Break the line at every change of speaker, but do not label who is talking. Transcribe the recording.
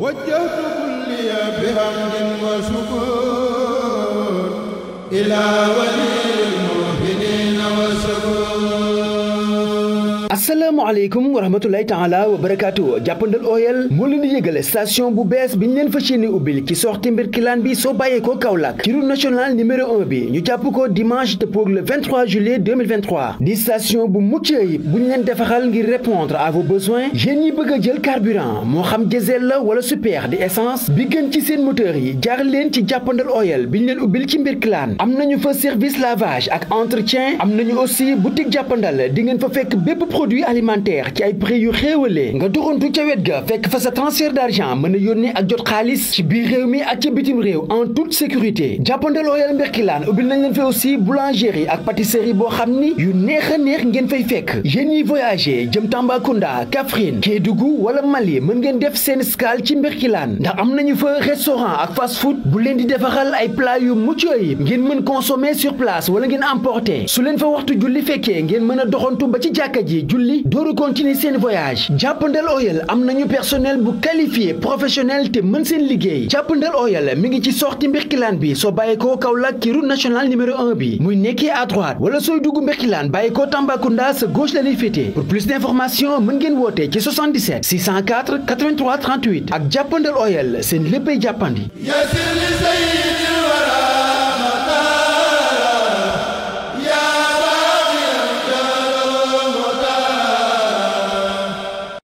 وجهت كلي بحمد وشكر إلى ولي asalaamaaleykum aleykum rahmatulahi taala wa barakaatu jàppandal OYEL moo leen di yëgale station bu bees bi ñu leen fas yéene ubbil ci sorti mbir kilaan bi soo bàyyeekoo Kaolack ci route nationale numéro 1 bi ñu jàpp ko dimanche te pour le 23 juillet 2023 di station bu mucc bu ñu leen defaral ngir répondre à vos besoins yéen ñi bëgg a jël carburant moo xam diesel la wala super di essence bi gën ci seen moteur yi jaar leen ci jàppandal OYEL bi ñu leen ubbil ci mbir kilaan am nañu fa service lavage ak entretien am nañu aussi boutique jàppandal di ngeen fa fekk bépp produits alimentaires ci ay prix yu xéewale nga doxantu ca wet ga fekk fa sa transfert d'argent mën a yónnee ak jot xaalis ci biir réew mi ak ca bitim réew en toute sécurité jàppandal Royal Mbirkilane ubbil nañ leen fi aussi boulangerie ak pâtisserie boo xam ni yu neex a neex ngeen fay fekk yéen ñi voyager jëm Tambacounda Kaffrine Kédougou wala Mali mën ngeen def seen escale ci Mbirkilane ndax am nañu fa restaurant ak fast food bu leen di defaral ay plat yu mucc ayib ngeen mën consommer sur place wala ngeen emporter su leen fa waxtu julli fekkee ngeen mën a doxantu ba ci julli dooru continuer seen voyage jàppandal Oil am nañu personnel bu qualifié professionnel te mën seen liggéey jàppandal Oil mi ngi ci sorti Mbirkilaan bi soo bàyyikoo Kaolack ci route nationale numéro 1 bi muy nekkee à wala sooy dugg Mbirkilaan bàyyikoo Tambacounda sa gauche la pour plus d'informations mën ngeen woote ci 77 604 83 38 ak jàppandal Oil seen léppay jàppandi